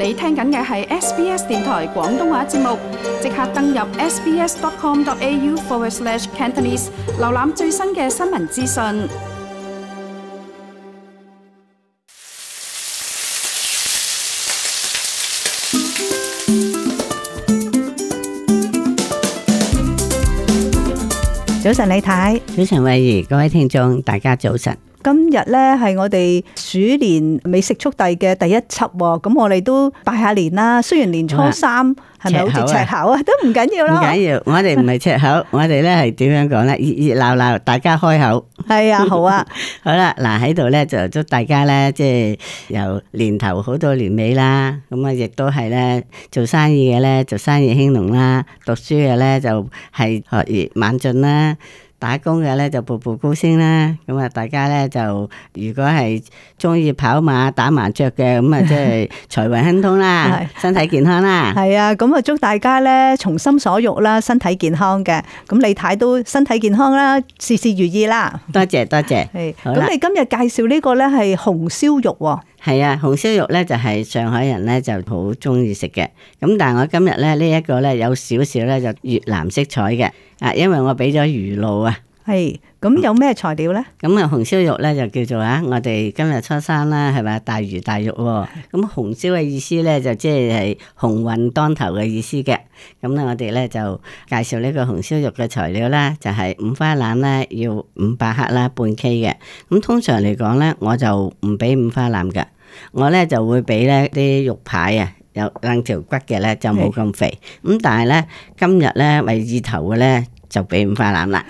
你聽緊嘅係 SBS 電台廣東話節目，即刻登入 sbs.com.au/cantonese 瀏覽最新嘅新聞資訊。早晨，李太。早晨，慧兒，各位聽眾，大家早晨。今日咧係我哋鼠年美食速遞嘅第一輯，咁我哋都拜下年啦。雖然年初三係咪好似赤口啊，都唔緊要啦。唔緊要，我哋唔係赤口，我哋咧係點樣講咧？熱熱鬧鬧，大家開口。係啊，好啊。好啦，嗱喺度咧就祝大家咧，即係由年頭好到年尾啦。咁啊，亦都係咧做生意嘅咧，就生意興隆啦；讀書嘅咧就係學業猛進啦。打工嘅咧就步步高升啦，咁啊大家咧就如果係中意跑馬打麻雀嘅，咁啊即係財運亨通啦、 啊，身體健康啦。係啊，咁啊祝大家咧從心所欲啦，身體健康嘅。咁李太都身體健康啦，事事如意啦。多謝多謝。係 是，咁啦你今日介紹呢個咧係紅燒肉。係啊，紅燒肉呢就係上海人呢就好中意食嘅，咁但係我今日呢呢一個呢有少少呢就越南色彩嘅，啊，因為我俾咗魚露啊。係咁有咩材料呢？咁啊、嗯、紅燒肉呢，就叫做啊，我哋今日出生啦，係咪大魚大肉喎、哦。咁紅燒嘅意思呢，就即係鴻運當頭嘅意思嘅。咁咧我哋呢，就介紹呢個紅燒肉嘅材料啦，就係、是、五花腩呢，要五百克啦，半 K 嘅。咁通常嚟講呢，我就唔俾五花腩噶，我呢，就會俾呢啲肉排啊，有兩條骨嘅是呢，呢，呢，就冇咁肥。咁但係呢，今日呢，為意頭嘅呢，就俾五花腩啦。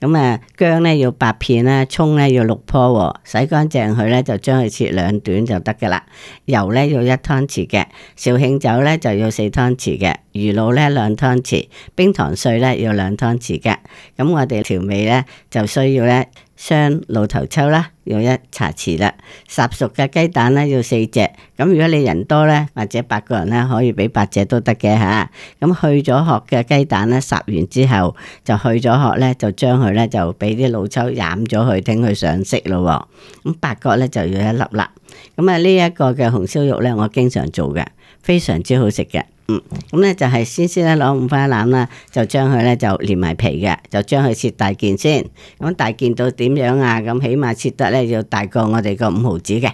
咁啊，薑咧、嗯、要八片啦，蔥咧要六棵，洗乾淨佢咧就將佢切兩段就得噶啦。油咧要一湯匙嘅，紹興酒咧就要四湯匙嘅，魚露咧兩湯匙，冰糖碎咧要兩湯匙嘅。咁、嗯、我哋調味咧就需要咧雙滷頭抽啦，要一茶匙啦。烚熟嘅雞蛋咧要四隻，咁、嗯、如果你人多咧或者八個人咧可以俾八隻都得嘅吓。咁、嗯、去咗殼嘅雞蛋咧烚完之後就去咗殼咧就將。去咧就俾啲老抽染咗去，等佢上色咯。咁八角咧就要一粒啦。咁啊呢一個嘅紅燒肉咧，我經常做嘅，非常之好食嘅。嗯，咁咧就係先先咧攞五花腩啦，就將佢咧就連埋皮嘅，就將佢切大件先。咁大件到點樣啊？咁起碼切得咧要大過我哋個五毫子嘅。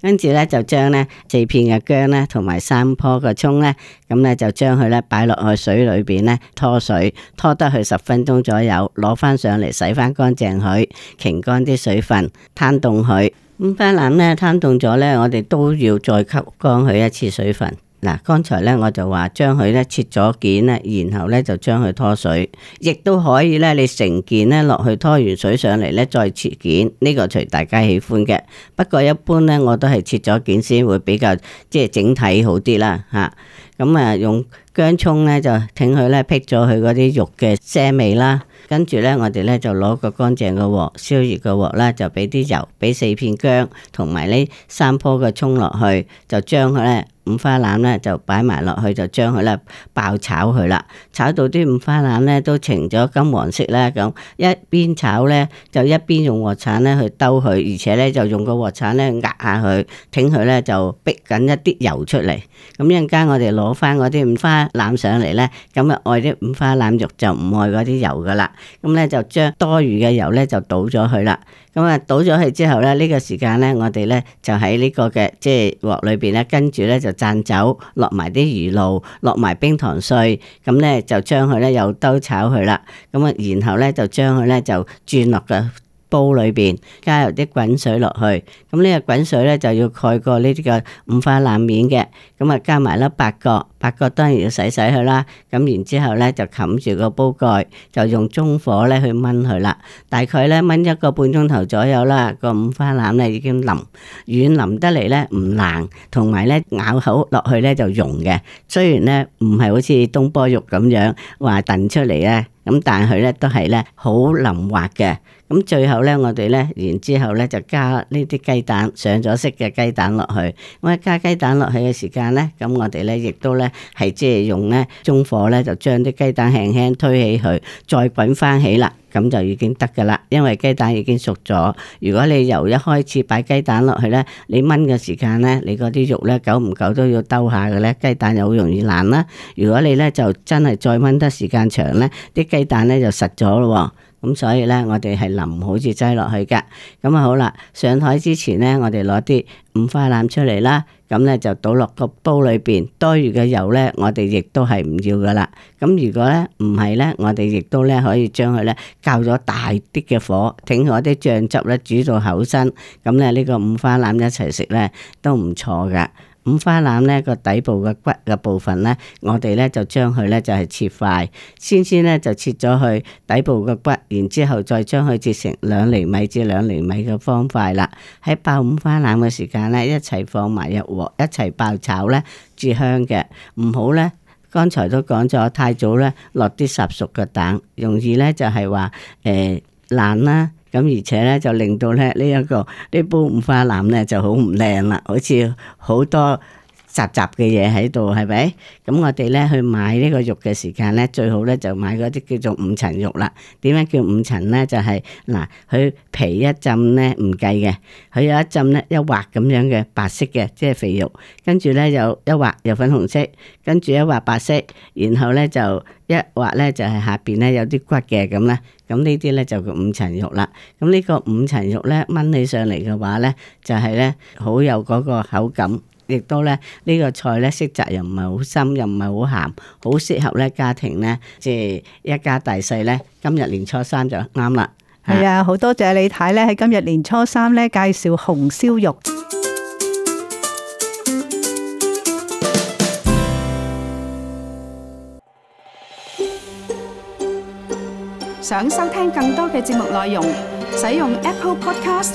跟住咧就將咧四片嘅薑咧同埋三棵嘅蔥咧，咁咧就將佢咧擺落去水裏邊咧拖水，拖得佢十分鐘左右，攞翻上嚟洗翻乾淨佢，擎乾啲水分，攤凍佢。咁花腩咧攤凍咗咧，我哋都要再吸乾佢一次水分。嗱，剛才咧我就話將佢咧切咗件咧，然後咧就將佢拖水，亦都可以咧你成件咧落去拖完水上嚟，咧再切件，呢個隨大家喜歡嘅。不過一般咧我都係切咗件先會比較即係整體好啲啦吓。咁啊用薑葱咧就清佢咧辟咗佢嗰啲肉嘅腥味啦。跟住呢，我哋呢就攞個乾淨嘅鑊，燒熱嘅鑊啦，就俾啲油，俾四片薑，同埋呢三棵嘅蔥落去，就將佢呢五花腩呢，就擺埋落去，就將佢呢爆炒佢啦。炒到啲五花腩呢，都呈咗金黃色啦，咁一邊炒呢，就一邊用鑊鏟呢去兜佢，而且呢，就用個鑊鏟呢壓下佢，請佢呢，就逼緊一啲油出嚟。咁一陣間我哋攞翻嗰啲五花腩上嚟呢，咁啊，愛啲五花腩肉就唔愛嗰啲油噶啦。咁咧、嗯、就將多餘嘅油咧就倒咗佢啦。咁、嗯、啊，倒咗去之後咧，呢、呢個時間咧，我哋咧就喺呢個嘅即係鑊裏邊咧，跟住咧就讚酒，落埋啲魚露，落埋冰糖碎，咁、嗯、咧、嗯、就將佢咧又兜炒佢啦。咁、嗯、啊，然後咧就將佢咧就轉落嘅。煲裏邊加入啲滾水落去，咁呢個滾水呢，就要蓋過呢啲嘅五花腩面嘅，咁啊加埋粒八角，八角當然要洗洗佢啦。咁然之後咧就冚住個煲蓋，就用中火呢去炆佢啦。大概呢，炆一個半鐘頭左右啦，個五花腩呢已經腍軟、腍得嚟，呢，唔爛，同埋呢，咬口落去呢就溶嘅。雖然呢，唔係好似東坡肉咁樣話燉出嚟呢。咁但係佢咧都係咧好腍滑嘅，咁最後咧我哋咧然之後咧就加呢啲雞蛋上咗色嘅雞蛋落去，咁我一加雞蛋落去嘅時間咧，咁我哋咧亦都咧係即係用咧中火咧就將啲雞蛋輕輕推起佢，再滾翻起啦。咁就已經得噶啦，因為雞蛋已經熟咗。如果你由一開始擺雞蛋落去咧，你炆嘅時間咧，你嗰啲肉咧久唔久都要兜下嘅咧，雞蛋就好容易爛啦。如果你咧就真係再炆得時間長咧，啲雞蛋咧就實咗咯。咁所以呢，我哋係淋好似擠落去噶。咁啊好啦，上枱之前呢，我哋攞啲五花腩出嚟啦。咁呢，就倒落個煲裏邊，多餘嘅油呢，我哋亦都係唔要噶啦。咁如果呢，唔係呢，我哋亦都呢，可以將佢呢較咗大啲嘅火，整咗啲醬汁呢，煮到厚身。咁呢，呢、呢個五花腩一齊食呢，都唔錯噶。五花腩呢個底部嘅骨嘅部分呢，我哋呢就將佢呢就係切塊，先先呢就切咗去底部嘅骨，然之後再將佢切成兩厘米至兩厘米嘅方塊啦。喺爆五花腩嘅時間呢，一齊放埋入鑊，一齊爆炒呢，至香嘅，唔好呢，剛才都講咗，太早呢，落啲十熟嘅蛋，容易呢就係話誒爛啦。咁而且咧就令到咧呢一個呢煲五花腩咧就好唔靚啦，好似好多，雜雜嘅嘢喺度，係咪？咁我哋咧去買呢個肉嘅時間咧，最好咧就買嗰啲叫做五層肉啦。點樣叫五層咧？就係嗱，佢皮一浸咧唔計嘅，佢有一浸咧一劃咁樣嘅白色嘅，即係肥肉，跟住咧又一劃又粉紅色，跟住一劃白色，然後咧就一劃咧就係下邊咧有啲骨嘅咁咧。咁呢啲咧就叫五層肉啦。咁呢個五層肉咧炆起上嚟嘅話咧，就係咧好有嗰個口感。亦都咧，呢個菜咧色澤又唔係好深，又唔係好鹹，好適合咧家庭咧，即係一家大細咧。今日年初三就啱啦。係啊，好多謝李太咧喺今日年初三咧介紹紅燒肉。想收聽更多嘅節目內容，使用 Apple Podcast、